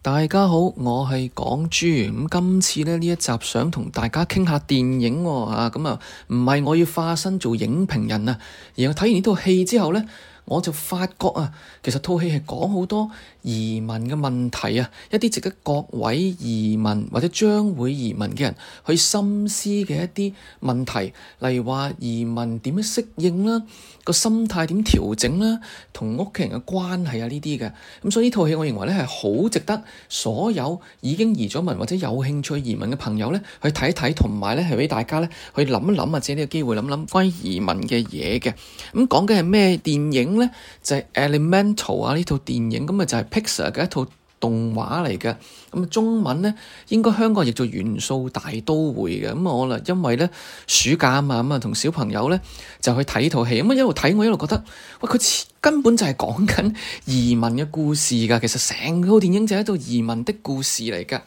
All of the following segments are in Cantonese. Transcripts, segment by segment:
大家好，我係港豬。今次呢一集想同大家傾下電影喎、哦、啊，咁啊唔係我要化身做影評人啊，而我睇完呢套戲之後呢。我就發覺啊，其實套戲係講好多移民嘅問題啊，一啲值得各位移民或者將會移民嘅人去深思嘅一啲問題，例如話移民點樣適應啦，個心態點調整啦，同屋企人嘅關係啊呢啲嘅。咁、嗯、所以呢套戲，我認為咧係好值得所有已經移咗民或者有興趣移民嘅朋友咧去睇睇，同埋咧係俾大家咧去諗一諗或者呢個機會諗諗關於移民嘅嘢嘅。咁講緊係咩電影？就係 Elemental 啊呢套電影，咁啊就係 Pixar 嘅一套動畫嚟嘅，咁啊中文咧應該香港譯做元素大都會嘅，咁我啦，因為咧暑假啊嘛，咁啊同小朋友咧就去睇套戲，咁啊一路睇我一路覺得喂，佢根本就係講緊移民嘅故事噶，其實成套電影就係一套移民的故事嚟噶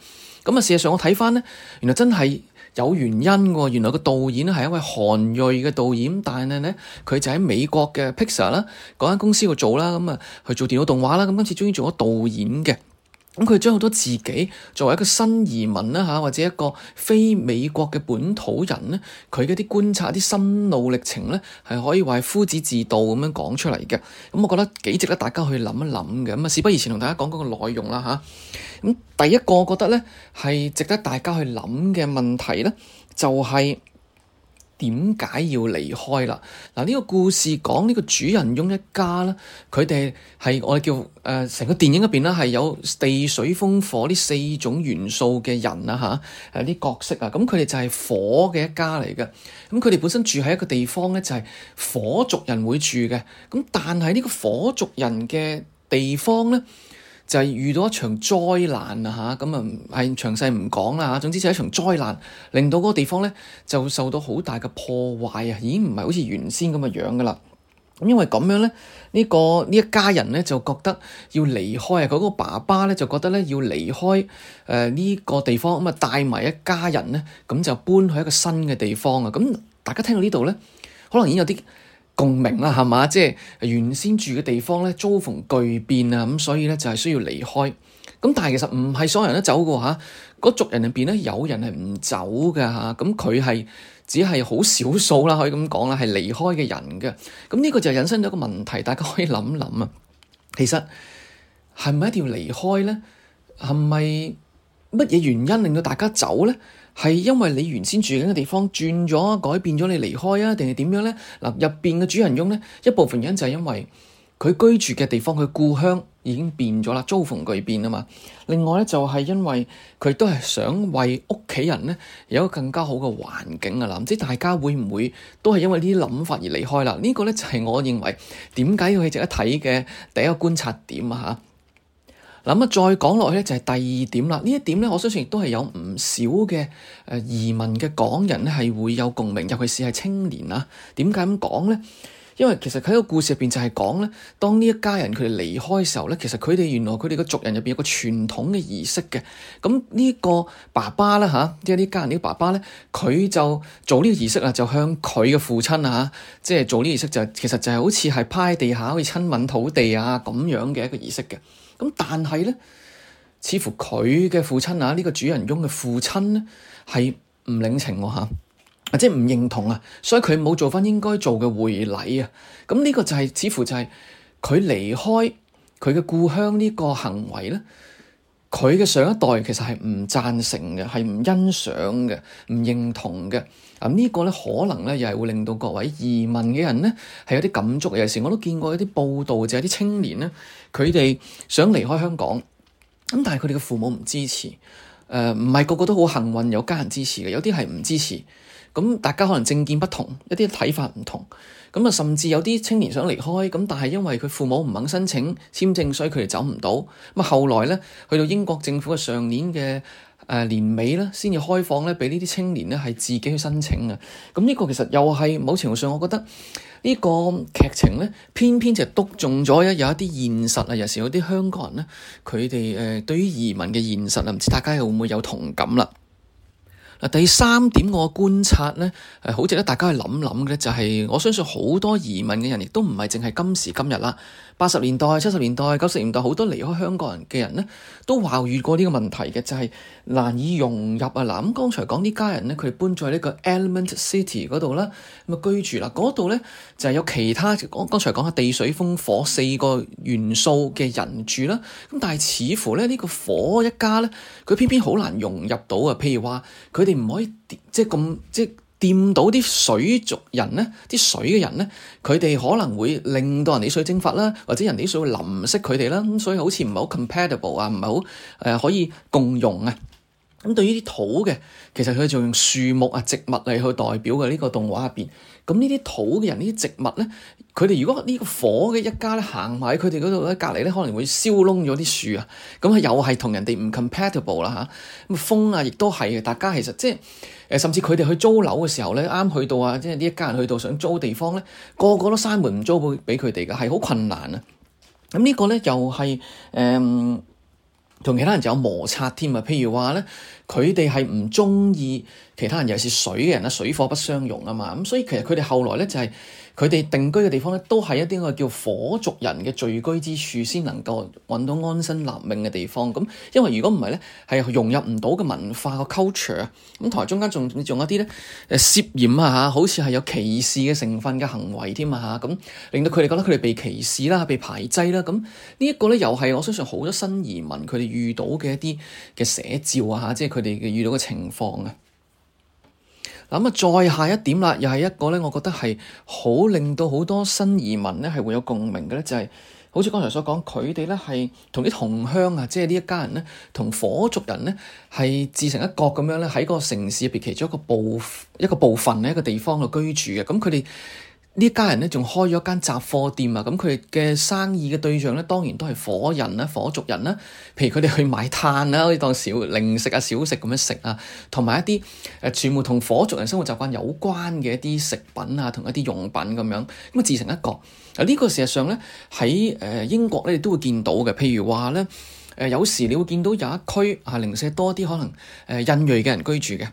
咁啊，事實上我睇翻咧，原來真係。有原因喎，原來個導演咧係一位韓裔嘅導演，但係呢，佢就喺美國嘅 Pixar 啦嗰間公司度做啦，咁啊去做電腦動畫啦，咁今次終於做咗導演嘅。咁佢將好多自己作為一個新移民啦嚇，或者一個非美國嘅本土人咧，佢嗰啲觀察、啲心路歷程咧，係可以話係夫子自道咁樣講出嚟嘅。咁我覺得幾值得大家去諗一諗嘅。咁啊，事不宜遲，同大家講講個內容啦嚇。咁第一個我覺得咧係值得大家去諗嘅問題咧，就係、是。點解要離開啦？嗱，呢個故事講呢、這個主人翁一家咧，佢哋係我哋叫誒成、呃、個電影入邊啦，係有地水風火呢四種元素嘅人啊嚇，誒啲角色啊，咁佢哋就係火嘅一家嚟嘅。咁佢哋本身住喺一個地方咧，就係、是、火族人會住嘅。咁但係呢個火族人嘅地方咧。就係遇到一場災難啊！嚇，咁啊係詳細唔講啦嚇。總之就係一場災難，令到嗰個地方咧就受到好大嘅破壞啊！已經唔係好似原先咁嘅樣㗎啦。咁因為咁樣咧，呢、這個呢一家人咧就覺得要離開啊！佢、那、嗰個爸爸咧就覺得咧要離開誒呢、呃這個地方，咁啊帶埋一家人咧，咁就搬去一個新嘅地方啊！咁、嗯、大家聽到呢度咧，可能已經有啲。共鳴啦，係嘛？即係原先住嘅地方咧，遭逢巨變啊，咁所以咧就係需要離開。咁但係其實唔係所有人都走㗎吓，嗰族人入邊咧有人係唔走㗎吓，咁佢係只係好少數啦，可以咁講啦，係離開嘅人嘅。咁呢個就引申咗一個問題，大家可以諗諗啊。其實係咪一定要離開咧？係咪乜嘢原因令到大家走咧？係因為你原先住緊嘅地方轉咗，改變咗你離開啊，定係點樣咧？嗱，入邊嘅主人翁咧，一部分原因就係因為佢居住嘅地方，佢故鄉已經變咗啦，遭逢巨變啊嘛。另外咧就係因為佢都係想為屋企人咧有一個更加好嘅環境啊嗱，唔知大家會唔會都係因為呢啲諗法而離開啦？呢個咧就係我認為點解要值得睇嘅第一個觀察點啊嚇。再講落去呢就係第二點啦。呢一點呢，我相信亦都係有唔少嘅誒移民嘅港人咧，係會有共鳴，尤其是係青年啊。點解咁講呢？因為其實佢個故事入邊就係講呢，當呢一家人佢哋離開嘅時候呢，其實佢哋原來佢哋嘅族人入邊有個傳統嘅儀式嘅。咁呢個爸爸咧吓，即係呢家人呢個爸爸呢，佢就做呢個儀式啊，就向佢嘅父親啊，即係做呢個儀式就其實就係好似係趴喺地下，可以親吻土地啊咁樣嘅一個儀式嘅。但係咧，似乎佢嘅父親啊，呢個主人翁嘅父親咧，係唔領情喎吓，即係唔認同啊，所以佢冇做翻應該做嘅回禮啊，咁呢個就係似乎就係佢離開佢嘅故鄉呢個行為咧。佢嘅上一代其實係唔贊成嘅，係唔欣賞嘅，唔認同嘅啊。這個、呢個咧可能咧又係會令到各位移民嘅人咧係有啲感觸嘅。有時我都見過一啲報道者，就係啲青年咧佢哋想離開香港咁，但係佢哋嘅父母唔支持。誒、呃，唔係個個都好幸運有家人支持嘅，有啲係唔支持。咁大家可能政見不同，一啲睇法唔同。甚至有啲青年想離開，但係因為佢父母唔肯申請簽證，所以佢哋走唔到。咁後來咧，去到英國政府嘅上年嘅年尾先至開放畀呢啲青年咧係自己去申請啊。咁呢個其實又係某程度上，我覺得呢個劇情咧，偏偏就係督中咗有一啲現實啊。有時有啲香港人咧，佢哋誒對於移民嘅現實唔知大家會唔會有同感啦？第三點，我觀察呢，好值得大家去諗諗嘅，就係、是、我相信好多移民嘅人，亦都唔係淨係今時今日啦。八十年代、七十年代、九十年代，好多離開香港人嘅人呢，都懷疑過呢個問題嘅，就係、是、難以融入啊！嗱、啊，咁剛才講呢家人呢，佢哋搬咗去、e、呢個 Element City 嗰度啦，咁啊居住啦，嗰度呢，就係、是、有其他剛才講下地水風火四個元素嘅人住啦，咁但係似乎咧呢、呢個火一家呢，佢偏偏好難融入到啊！譬如話，佢哋唔可以即係咁即，即即掂到啲水族人呢，啲水嘅人呢，佢哋可能會令到人哋啲水蒸發啦，或者人哋啲水會淋熄佢哋啦，咁所以好似唔係好 compatible 啊，唔係好誒可以共融啊。咁對於啲土嘅，其實佢就用樹木啊、植物嚟去代表嘅呢個動畫入邊，咁呢啲土嘅人、呢啲植物呢。佢哋如果呢個火嘅一家咧，行埋喺佢哋嗰度咧，隔離咧，可能會燒燶咗啲樹啊，咁又係同人哋唔 compatible 啦、啊、嚇，咁風啊亦都係，大家其實即係誒，甚至佢哋去租樓嘅時候咧，啱去到啊，即係呢一家人去到想租地方咧，個個都閂門唔租畀佢哋嘅，係好困難啊。咁、嗯這個、呢個咧又係誒，同、嗯、其他人就有摩擦添啊，譬如話咧。佢哋係唔鍾意其他人，尤其是水嘅人啦，水火不相容啊嘛。咁、嗯、所以其實佢哋後來呢，就係佢哋定居嘅地方呢，都係一啲我叫火族人嘅聚居之處先能夠揾到安身立命嘅地方。咁、嗯、因為如果唔係呢，係融入唔到嘅文化個 culture、嗯。咁台中間仲仲有一啲呢，誒涉嫌啊嚇，好似係有歧視嘅成分嘅行為添啊嚇，咁、嗯、令到佢哋覺得佢哋被歧視啦，被排擠啦。咁呢一個呢，又係我相信好多新移民佢哋遇到嘅一啲嘅寫照啊嚇，即係。佢哋遇到嘅情況啊，咁啊，再下一點啦，又係一個呢。我覺得係好令到好多新移民呢係會有共鳴嘅呢就係、是、好似剛才所講，佢哋呢係同啲同鄉啊，即係呢一家人呢，同火族人呢係自成一國咁樣呢，喺個城市入邊其中一個部一個部分呢一個地方嘅居住嘅，咁佢哋。呢家人咧仲開咗間雜貨店啊，咁佢嘅生意嘅對象咧當然都係火人啦、啊、火族人啦、啊，譬如佢哋去買炭啦、啊，嗰啲當小零食啊、小食咁樣食啊，同埋一啲誒、呃、全部同火族人生活習慣有關嘅一啲食品啊，同一啲用品咁樣，咁啊自成一角。啊，呢個事實上呢，喺誒、呃、英國咧都會見到嘅，譬如話咧誒有時你會見到有一區啊、呃、零舍多啲可能誒、呃、印裔嘅人居住嘅。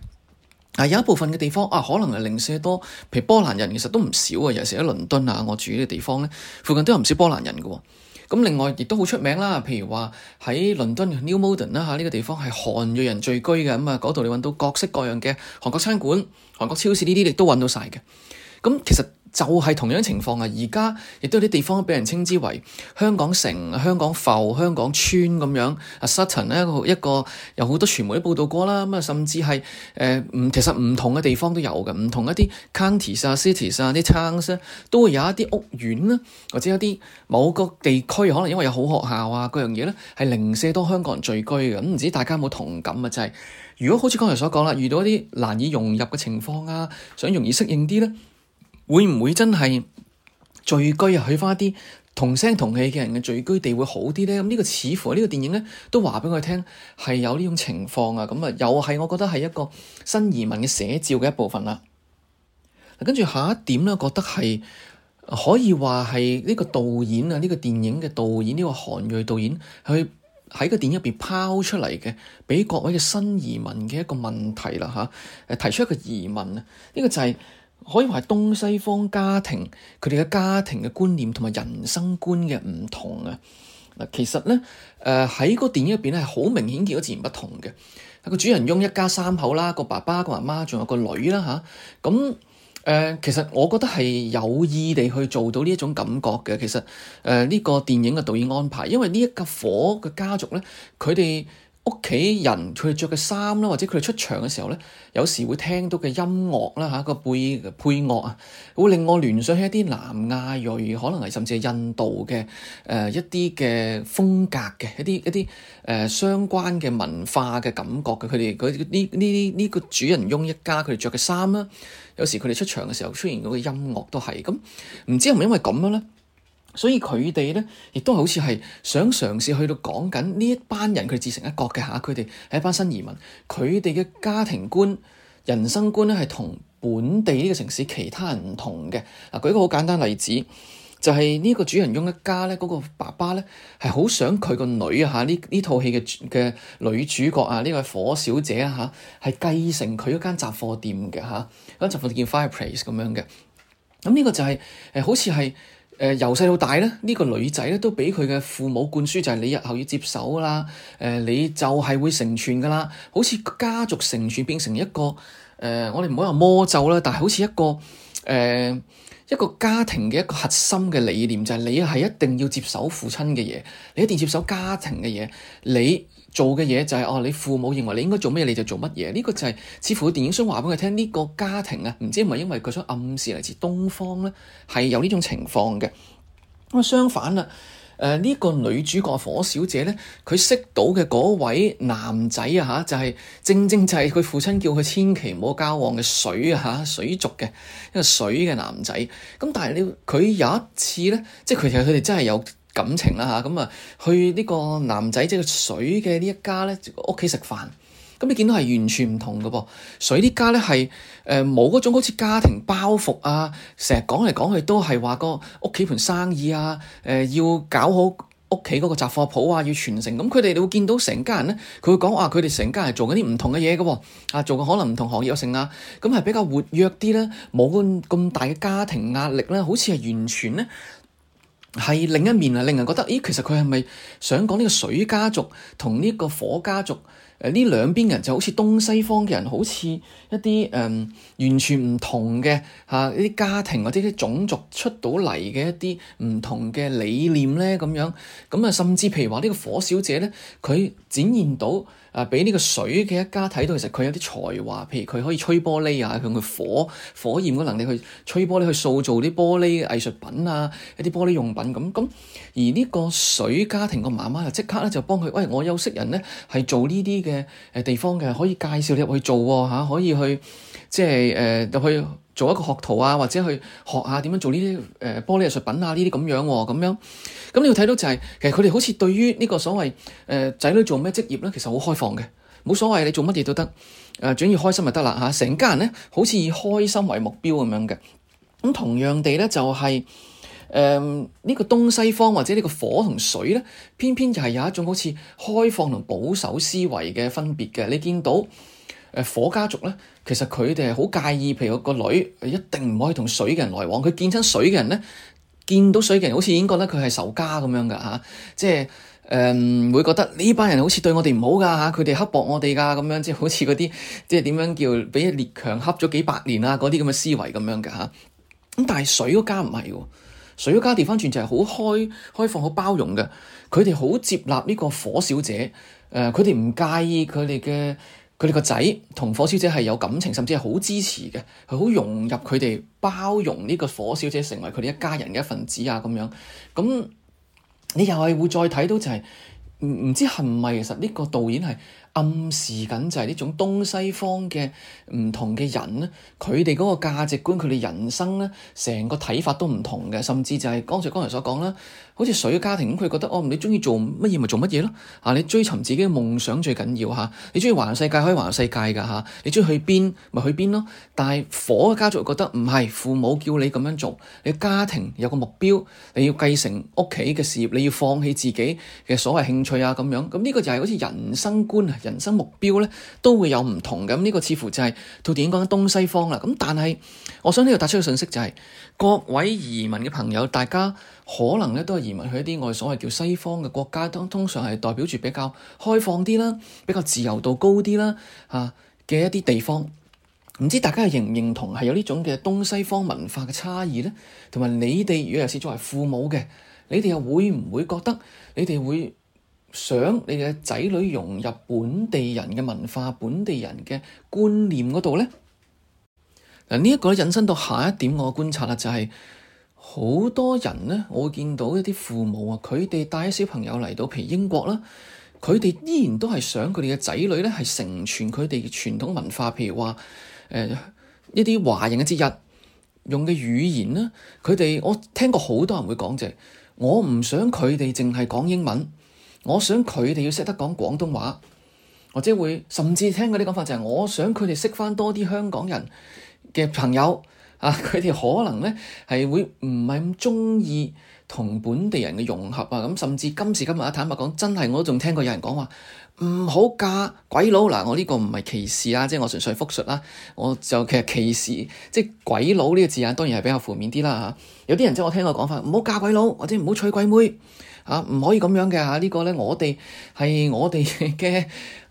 嗱，但有一部分嘅地方啊，可能係零舍多，譬如波蘭人其實都唔少啊。尤其係喺倫敦啊，我住呢個地方咧，附近都有唔少波蘭人嘅。咁另外亦都好出名啦，譬如話喺倫敦 New Malden 啦呢個地方係韓裔人聚居嘅，咁啊嗰度你揾到各式各樣嘅韓國餐館、韓國超市呢啲，你都揾到曬嘅。咁其實，就係同樣情況啊！而家亦都有啲地方畀人稱之為香港城、香港埠、香港村咁樣。啊 Sutton 呢，一個有好多傳媒都報道過啦。咁啊，甚至係誒唔其實唔同嘅地方都有嘅，唔同一啲 counties 啊、cities 啊、啲 towns 咧，都會有一啲屋苑啦，或者一啲某個地區可能因為有好學校啊，嗰樣嘢呢，係零舍多香港人聚居嘅。咁唔知大家有冇同感啊？就係、是、如果好似剛才所講啦，遇到一啲難以融入嘅情況啊，想容易適應啲呢。會唔會真係聚居去翻啲同聲同氣嘅人嘅聚居地會好啲咧？咁、這、呢個似乎呢、這個電影咧都話畀我聽係有呢種情況啊！咁啊，又係我覺得係一個新移民嘅寫照嘅一部分啦。跟住下一點咧，覺得係可以話係呢個導演啊，呢、這個電影嘅導演呢、這個韓裔導演佢喺個電影入邊拋出嚟嘅，俾各位嘅新移民嘅一個問題啦，吓誒提出一個疑問啊！呢、這個就係、是。可以話係東西方家庭佢哋嘅家庭嘅觀念同埋人生觀嘅唔同啊！嗱，其實咧誒喺個電影入邊咧係好明顯見到截然不同嘅。個主人翁一家三口啦，個爸爸、個媽媽仲有個女啦吓，咁、啊、誒、嗯呃，其實我覺得係有意地去做到呢一種感覺嘅。其實誒呢、呃呢個電影嘅導演安排，因為呢一個火嘅家族咧，佢哋，屋企人佢哋著嘅衫啦，或者佢哋出場嘅時候咧，有時會聽到嘅音樂啦，吓個背配，配樂啊，會令我聯想起一啲南亞裔，可能係甚至係印度嘅誒、呃、一啲嘅風格嘅一啲一啲誒、呃、相關嘅文化嘅感覺嘅。佢哋佢呢呢呢呢個主人翁一家佢哋着嘅衫啦，有時佢哋出場嘅時候，出現嗰個音樂都係，咁，唔知係咪因為咁樣呢？所以佢哋咧，亦都好似係想嘗試去到講緊呢一班人，佢自成一國嘅嚇。佢哋係一班新移民，佢哋嘅家庭觀、人生觀咧，係同本地呢個城市其他人唔同嘅。嗱、啊，舉一個好簡單例子，就係、是、呢個主人翁一家咧，嗰、那個爸爸咧係好想佢個女啊嚇，呢呢套戲嘅嘅女主角啊，呢、這個火小姐啊嚇，係繼承佢嗰間雜貨店嘅嚇，嗰間雜貨店叫 Fireplace 咁樣嘅。咁、嗯、呢、這個就係、是、誒、欸，好似係。誒由細到大咧，呢、這個女仔咧都畀佢嘅父母灌輸就係、是、你日後要接手㗎喇，誒、呃、你就係會成全㗎喇，好似家族成全變成一個誒、呃，我哋唔好話魔咒啦，但係好似一個誒、呃、一個家庭嘅一個核心嘅理念就係、是、你係一定要接手父親嘅嘢，你一定要接手家庭嘅嘢，你。做嘅嘢就係、是、哦，你父母認為你應該做乜嘢，你就做乜嘢，呢、這個就係、是、似乎電影想話畀佢聽，呢、這個家庭啊，唔知係咪因為佢想暗示嚟自東方呢？係有呢種情況嘅。咁相反啦，呢、呃這個女主角火小姐呢，佢識到嘅嗰位男仔啊嚇，就係、是、正正就係佢父親叫佢千祈唔好交往嘅水啊嚇，水族嘅一個水嘅男仔。咁但係你佢有一次呢，即係佢哋佢哋真係有。感情啦吓，咁啊去呢個男仔即係水嘅呢一家咧，屋企食飯，咁你見到係完全唔同嘅噃。水呢家咧係誒冇嗰種好似家庭包袱啊，成日講嚟講去都係話個屋企盤生意啊，誒要搞好屋企嗰個雜貨鋪啊，要傳承。咁佢哋你會見到成家人咧，佢會講話佢哋成家人做緊啲唔同嘅嘢嘅喎，啊做緊可能唔同行業啊成啊，咁係比較活躍啲啦，冇咁咁大嘅家庭壓力啦，好似係完全咧。係另一面啊，令人覺得，咦，其實佢係咪想講呢個水家族同呢個火家族？呢兩邊人就好似東西方嘅人，好似一啲誒、呃、完全唔同嘅吓一啲家庭或者啲種族出到嚟嘅一啲唔同嘅理念咧，咁樣咁啊，甚至譬如話呢個火小姐咧，佢展現到誒俾呢個水嘅一家睇到，其實佢有啲才華，譬如佢可以吹玻璃啊，用佢火火焰嘅能力去吹玻璃，去塑造啲玻璃藝術品啊，一啲玻璃用品咁、啊、咁。而呢個水家庭個媽媽就即刻咧就幫佢，喂，我有識人咧，係做呢啲嘅。嘅誒地方嘅可以介紹你入去做喎，可以去即係誒入去做一個學徒啊，或者去學下點樣做呢啲誒玻璃藝術品啊呢啲咁樣喎，咁樣。咁你要睇到就係其實佢哋好似對於呢個所謂誒仔女做咩職業咧，其實好、呃、其實開放嘅，冇所謂你做乜嘢都得，誒主要開心就得啦嚇，成、啊、家人咧好似以開心為目標咁樣嘅，咁同樣地咧就係、是。誒呢、嗯這個東西方或者呢個火同水咧，偏偏就係有一種好似開放同保守思維嘅分別嘅。你見到誒、呃、火家族咧，其實佢哋係好介意，譬如個女一定唔可以同水嘅人來往。佢見親水嘅人咧，見到水嘅人好似已經覺得佢係仇家咁樣噶嚇、啊，即係誒、呃、會覺得呢班人好似對我哋唔好噶嚇，佢哋刻薄我哋噶咁樣，即係好似嗰啲即係點樣叫俾列強恰咗幾百年啊嗰啲咁嘅思維咁樣嘅嚇。咁、啊、但係水嗰家唔係喎。水家地方全就係好開開放、好包容嘅，佢哋好接納呢個火小姐。誒、呃，佢哋唔介意佢哋嘅佢哋個仔同火小姐係有感情，甚至係好支持嘅，係好融入佢哋包容呢個火小姐成為佢哋一家人嘅一份子啊咁樣。咁你又係會再睇到就係唔唔知係唔係其實呢個導演係暗示緊就係呢種東西方嘅唔同嘅人咧，佢哋嗰個價值觀，佢哋人生呢，成個睇法都唔同嘅，甚至就係剛才剛才所講啦，好似水嘅家庭佢覺得哦，你中意做乜嘢咪做乜嘢咯，啊，你追尋自己嘅夢想最緊要嚇、啊，你中意環遊世界可以環遊世界㗎嚇、啊，你中意去邊咪去邊咯、啊。但係火嘅家族覺得唔係，父母叫你咁樣做，你家庭有個目標，你要繼承屋企嘅事業，你要放棄自己嘅所謂興趣啊咁樣，咁、嗯、呢、呢個就係好似人生觀。人生目標咧都會有唔同嘅，咁、這、呢個似乎就係、是、套電影講緊東西方啦。咁但係，我想呢度突出嘅信息就係、是、各位移民嘅朋友，大家可能咧都係移民去一啲我哋所謂叫西方嘅國家，當通常係代表住比較開放啲啦，比較自由度高啲啦，嚇、啊、嘅一啲地方。唔知大家認唔認同係有呢種嘅東西方文化嘅差異咧？同埋你哋，如果又是作為父母嘅，你哋又會唔會覺得你哋會？想你嘅仔女融入本地人嘅文化，本地人嘅觀念嗰度咧嗱，呢、這、一個咧引申到下一點我、就是，我觀察啦，就係好多人咧，我見到一啲父母啊，佢哋帶小朋友嚟到，譬如英國啦，佢哋依然都係想佢哋嘅仔女咧係承傳佢哋傳統文化，譬如話誒、呃、一啲華人嘅節日用嘅語言咧，佢哋我聽過好多人會講，就係我唔想佢哋淨係講英文。我想佢哋要識得講廣東話，或者會甚至聽佢啲講法，就係我想佢哋識翻多啲香港人嘅朋友啊！佢哋可能咧係會唔係咁中意同本地人嘅融合啊！咁甚至今時今日坦白講真係我都仲聽過有人講話唔好嫁鬼佬嗱、啊，我呢個唔係歧視啊，即係我純粹複述啦。我就其實歧視即係鬼佬呢個字眼，當然係比較負面啲啦吓。有啲人即係我聽個講法唔好嫁鬼佬，或者唔好娶鬼妹。啊，唔可以咁樣嘅啊！這個、呢個咧，我哋係我哋嘅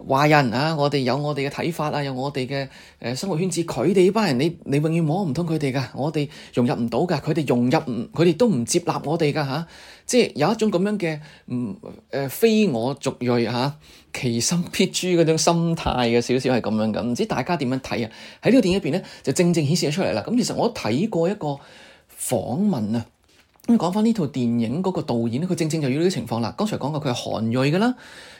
華人啊，我哋有我哋嘅睇法啊，有我哋嘅誒生活圈子。佢哋呢班人，你你永遠摸唔通佢哋噶，我哋融入唔到噶，佢哋融入唔，佢哋都唔接納我哋噶嚇。即係有一種咁樣嘅唔誒非我族裔」啊，嚇，其心必誅嗰種心態嘅少少係咁樣嘅。唔知大家點樣睇啊？喺呢個電影入邊咧，就正正顯示出嚟啦。咁、啊、其實我睇過一個訪問啊。咁講翻呢套電影嗰個導演，佢正正就遇到啲情況啦。剛才講過佢係韓裔嘅啦，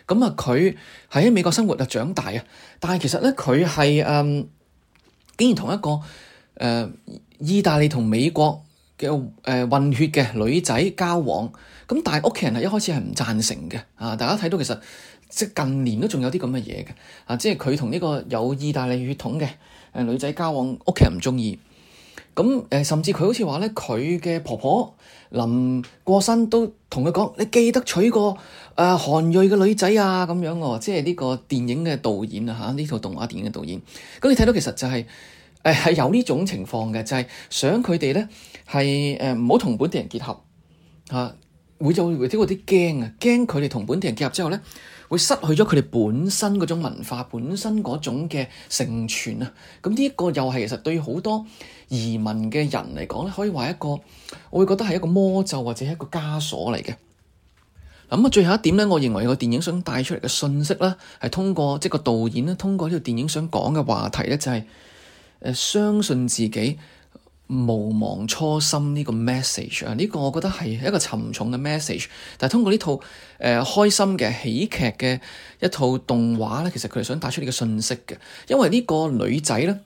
咁啊佢喺美國生活啊長大啊，但係其實咧佢係嗯竟然同一個誒、呃、意大利同美國嘅誒、呃、混血嘅女仔交往，咁但係屋企人係一開始係唔贊成嘅啊！大家睇到其實即係近年都仲有啲咁嘅嘢嘅啊！即係佢同呢個有意大利血統嘅誒女仔交往，屋企人唔中意。咁、啊、誒甚至佢好似話咧，佢嘅婆婆。.臨過身都同佢講，你記得娶個誒韓裔嘅女仔啊，咁樣喎、哦，即係呢個電影嘅導演啊嚇，呢套動畫電影嘅導演。咁你睇到其實就係誒係有呢種情況嘅，就係、係、想佢哋咧係誒唔好同本地人結合嚇。啊會有會有啲驚啊！驚佢哋同本地人結合之後咧，會失去咗佢哋本身嗰種文化、本身嗰種嘅承傳啊！咁呢一個又係其實對好多移民嘅人嚟講咧，可以話一個，我會覺得係一個魔咒或者係一個枷鎖嚟嘅。咁、嗯、啊，最後一點咧，我認為個電影想帶出嚟嘅信息咧，係通過即係個導演咧，通過呢個電影想講嘅話題咧，就係、是、誒相信自己。勿忘初心呢個 message 啊，呢個我覺得係一個沉重嘅 message。但係通過呢套誒、呃、開心嘅喜劇嘅一套動畫咧，其實佢哋想帶出你個信息嘅。因為呢個女仔咧，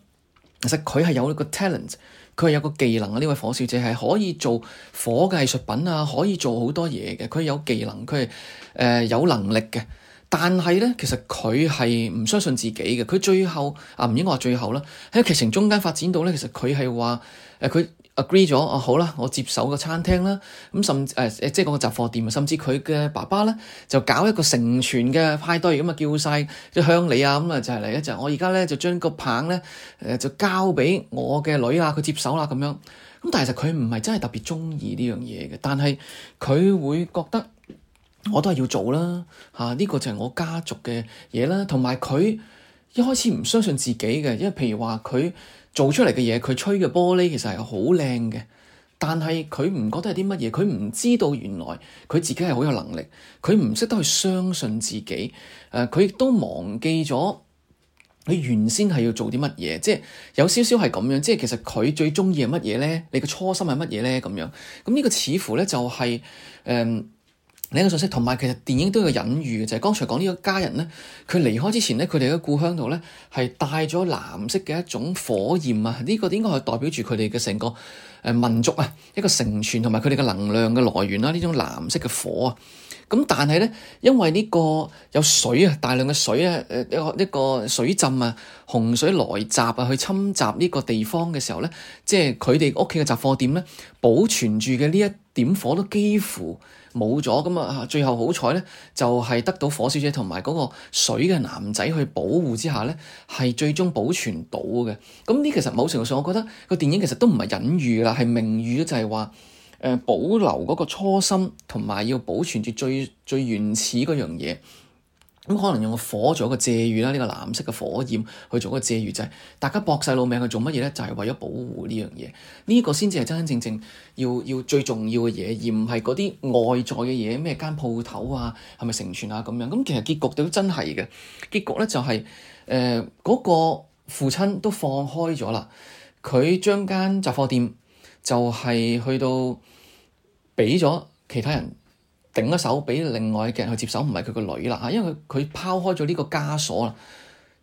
其實佢係有一個 talent，佢係有個技能嘅。呢位火小姐係可以做火嘅藝術品啊，可以做好多嘢嘅。佢有技能，佢係誒有能力嘅。但係咧，其實佢係唔相信自己嘅。佢最後啊，唔應該話最後啦，喺劇情中間發展到咧，其實佢係話。誒佢 agree 咗，哦、啊、好啦，我接手個餐廳啦，咁甚至誒、呃、即係嗰個雜貨店，甚至佢嘅爸爸咧就搞一個成全嘅派對，咁啊叫晒，即係鄉里啊，咁啊就嚟咧就，我而家咧就將個棒咧誒、呃、就交畀我嘅女啦，佢接手啦咁樣。咁但係就，佢唔係真係特別中意呢樣嘢嘅，但係佢會覺得我都係要做啦，嚇、啊、呢、呢個就係我家族嘅嘢啦，同埋佢一開始唔相信自己嘅，因為譬如話佢。做出嚟嘅嘢，佢吹嘅玻璃其實係好靚嘅，但係佢唔覺得係啲乜嘢，佢唔知道原來佢自己係好有能力，佢唔識得去相信自己，誒、呃，佢亦都忘記咗佢原先係要做啲乜嘢，即係有少少係咁樣，即係其實佢最中意係乜嘢咧？你嘅初心係乜嘢咧？咁樣，咁、這、呢個似乎咧就係、是、誒。呃另一個訊息，同埋其實電影都有隱喻嘅，就係、是、剛才講呢個家人呢，佢離開之前呢，佢哋喺故鄉度呢，係帶咗藍色嘅一種火焰啊！呢、這個應該係代表住佢哋嘅成個誒民族啊，一個成全同埋佢哋嘅能量嘅來源啦，呢種藍色嘅火啊！咁但係呢，因為呢個有水啊，大量嘅水啊，誒一個一個水浸啊，洪水來襲啊，去侵襲呢個地方嘅時候呢，即係佢哋屋企嘅雜貨店呢，保存住嘅呢一點火都幾乎冇咗，咁啊最後好彩咧，就係得到火小姐同埋嗰個水嘅男仔去保護之下咧，係最終保存到嘅。咁呢其實某程度上，我覺得個電影其實都唔係隱喻啦，係明喻咯，就係話誒保留嗰個初心，同埋要保存住最最原始嗰樣嘢。咁、嗯、可能用個火做一個借喻啦，呢、這個藍色嘅火焰去做一個借喻，就係、是、大家搏曬老命去做乜嘢咧？就係、是、為咗保護呢樣嘢，呢、這個先至係真真正正要要最重要嘅嘢，而唔係嗰啲外在嘅嘢，咩間鋪頭啊，係咪成全啊咁樣？咁、嗯、其實結局都真係嘅，結局咧就係誒嗰個父親都放開咗啦，佢將間雜貨店就係去到畀咗其他人。頂一手畀另外嘅人去接手，唔係佢個女啦嚇，因為佢佢拋開咗呢個枷鎖啦，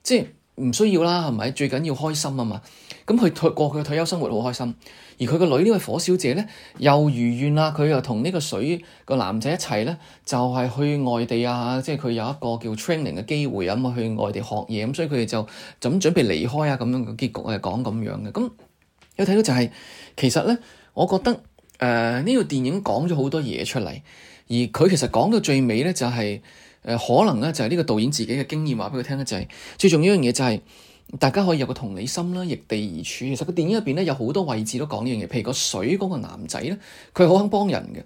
即係唔需要啦，係咪最緊要開心啊嘛？咁佢過去嘅退休生活好開心，而佢個女呢位火小姐咧又如願啦，佢又同呢個水個男仔一齊咧，就係、是、去外地啊，即係佢有一個叫 training 嘅機會啊嘛，去外地學嘢咁，所以佢哋就就咁準備離開啊，咁樣嘅結局係講咁樣嘅。咁有睇到就係、是、其實咧，我覺得誒呢套電影講咗好多嘢出嚟。而佢其實講到最尾呢，就係、是呃、可能呢，就係、是、呢個導演自己嘅經驗話畀佢聽呢就係、是、最重要一樣嘢就係、是、大家可以有個同理心啦，逆地而處。其實個電影入邊呢，有好多位置都講呢樣嘢，譬如個水嗰個男仔呢，佢好肯幫人嘅，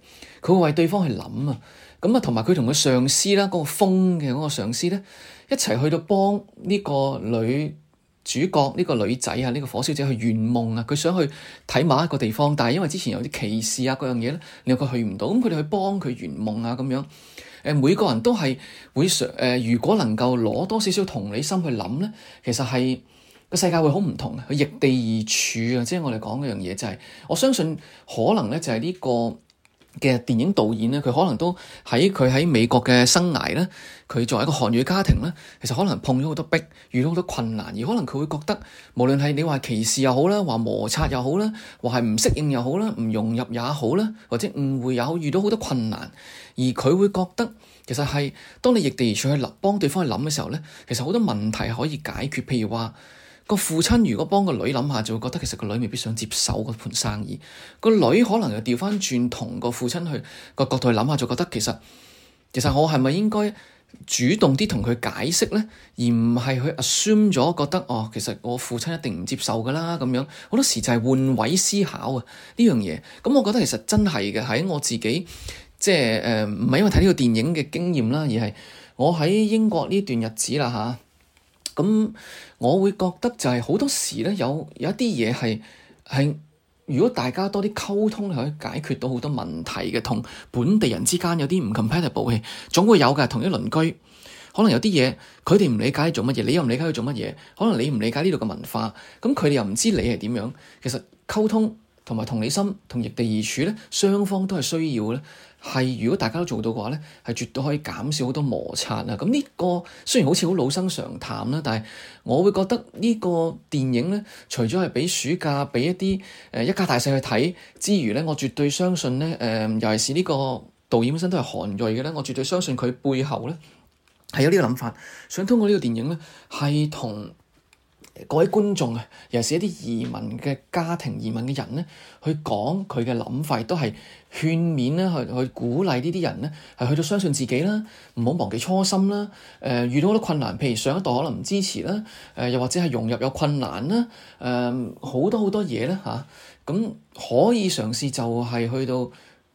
佢會為對方去諗啊。咁啊，同埋佢同個上司啦，嗰、那個風嘅嗰個上司呢，一齊去到幫呢個女。主角呢、這個女仔啊，呢、這個火燒仔去圓夢啊，佢想去睇某一個地方，但係因為之前有啲歧視啊，嗰樣嘢咧令佢去唔到，咁佢哋去幫佢圓夢啊，咁樣，誒、呃、每個人都係會想、呃，如果能夠攞多少少同理心去諗咧，其實係個世界會好唔同啊，佢易地而處啊，即係我哋講嗰樣嘢就係、是，我相信可能咧就係呢、這個。嘅電影導演咧，佢可能都喺佢喺美國嘅生涯呢，佢作為一個韓裔家庭呢，其實可能碰咗好多壁，遇到好多困難，而可能佢會覺得，無論係你話歧視又好啦，話摩擦又好啦，話係唔適應又好啦，唔融入也好啦，或者誤會又好，遇到好多困難，而佢會覺得其實係，當你逆地而處去諗，幫對方去諗嘅時候呢，其實好多問題可以解決，譬如話。個父親如果幫個女諗下，就會覺得其實個女未必想接手嗰盤生意。個女可能又調翻轉同個父親去個角度去諗下，就覺得其實其實我係咪應該主動啲同佢解釋呢？而唔係去 assume 咗覺得哦，其實我父親一定唔接受㗎啦咁樣。好多時就係換位思考啊呢樣嘢。咁我覺得其實真係嘅喺我自己，即係誒唔係因為睇呢個電影嘅經驗啦，而係我喺英國呢段日子啦吓。咁，我會覺得就係好多時咧，有有一啲嘢係係，如果大家多啲溝通，可以解決到好多問題嘅。同本地人之間有啲唔 compatible 嘅，總會有嘅。同一鄰居，可能有啲嘢佢哋唔理解你做乜嘢，你又唔理解佢做乜嘢，可能你唔理解呢度嘅文化，咁佢哋又唔知你係點樣。其實溝通。同埋同理心同易地而處咧，雙方都係需要咧。係如果大家都做到嘅話咧，係絕對可以減少好多摩擦啦。咁呢個雖然好似好老生常談啦，但係我會覺得呢個電影咧，除咗係畀暑假畀一啲誒、呃、一家大細去睇之餘咧，我絕對相信咧誒、呃，尤其是呢個導演本身都係韓裔嘅咧，我絕對相信佢背後咧係有呢個諗法，想通過呢個電影咧係同，各位觀眾啊，尤其是一啲移民嘅家庭、移民嘅人呢去講佢嘅諗法，都係勸勉啦，去去鼓勵呢啲人呢係去到相信自己啦，唔好忘記初心啦。誒、呃，遇到好多困難，譬如上一代可能唔支持啦，誒、呃，又或者係融入有困難啦，誒、呃，好多好多嘢啦。嚇、啊。咁可以嘗試就係去到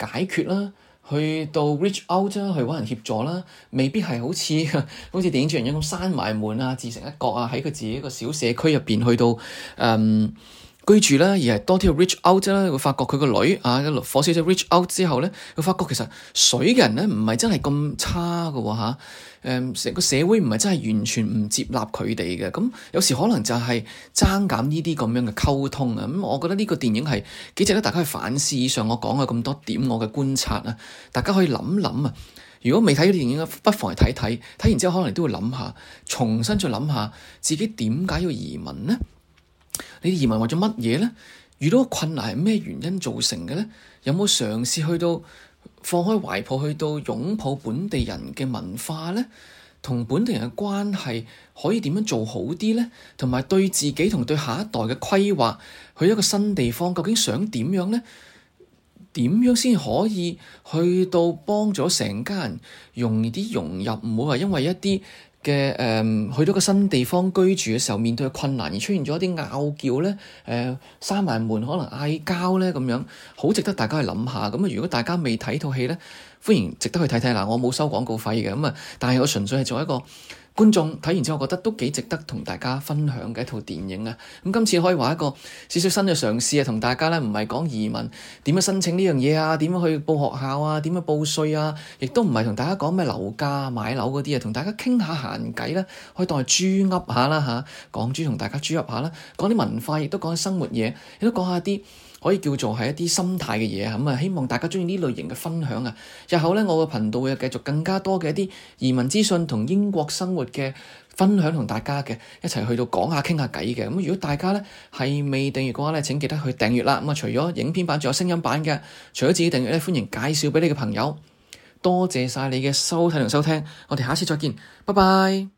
解決啦。去到 reach out 啦，去揾人協助啦，未必係好似好似電影主人公閂埋門啊，自成一角啊，喺佢自己一個小社區入邊去到、嗯居住啦，而係多啲 reach out 啦，會發覺佢個女啊，火小姐 reach out 之後咧，會發覺其實水嘅人咧，唔係真係咁差噶吓，誒，成個社會唔係真係完全唔接納佢哋嘅。咁有時可能就係爭減呢啲咁樣嘅溝通啊。咁我覺得呢個電影係幾值得大家去反思。以上我講嘅咁多點，我嘅觀察啊，大家可以諗諗啊。如果未睇呢個電影，不妨去睇睇。睇完之後可能都會諗下，重新再諗下自己點解要移民呢？你移民為咗乜嘢呢？遇到困難係咩原因造成嘅呢？有冇嘗試去到放開懷抱，去到擁抱本地人嘅文化呢？同本地人嘅關係可以點樣做好啲呢？同埋對自己同對下一代嘅規劃，去一個新地方究竟想點樣呢？點樣先可以去到幫咗成家人容易啲融入？唔好話因為一啲。嘅誒，去到個新地方居住嘅時候，面對嘅困難而出現咗啲拗撬咧，誒、呃，閂埋門可能嗌交咧咁樣，好值得大家去諗下。咁啊，如果大家未睇套戲咧，歡迎值得去睇睇嗱。我冇收廣告費嘅，咁啊，但係我純粹係做一個。觀眾睇完之後，我覺得都幾值得同大家分享嘅一套電影啊！咁今次可以話一個小小新嘅嘗試啊，同大家咧唔係講移民點樣申請呢樣嘢啊，點樣去報學校啊，點樣報稅啊，亦都唔係同大家講咩樓價買樓嗰啲啊，同大家傾下閒偈啦，可以當係豬噏下啦嚇，講豬同大家豬噏下啦，講啲文化，亦都講生活嘢，亦都講下啲。可以叫做係一啲心態嘅嘢啊！希望大家鍾意呢類型嘅分享啊。日後咧，我個頻道會繼續更加多嘅一啲移民資訊同英國生活嘅分享，同大家嘅一齊去到講下傾下偈嘅。如果大家呢係未訂閱嘅話咧，請記得去訂閱啦。啊，除咗影片版，仲有聲音版嘅，除咗自己訂閱咧，歡迎介紹畀你嘅朋友。多謝晒你嘅收睇同收聽，我哋下次再見，拜拜。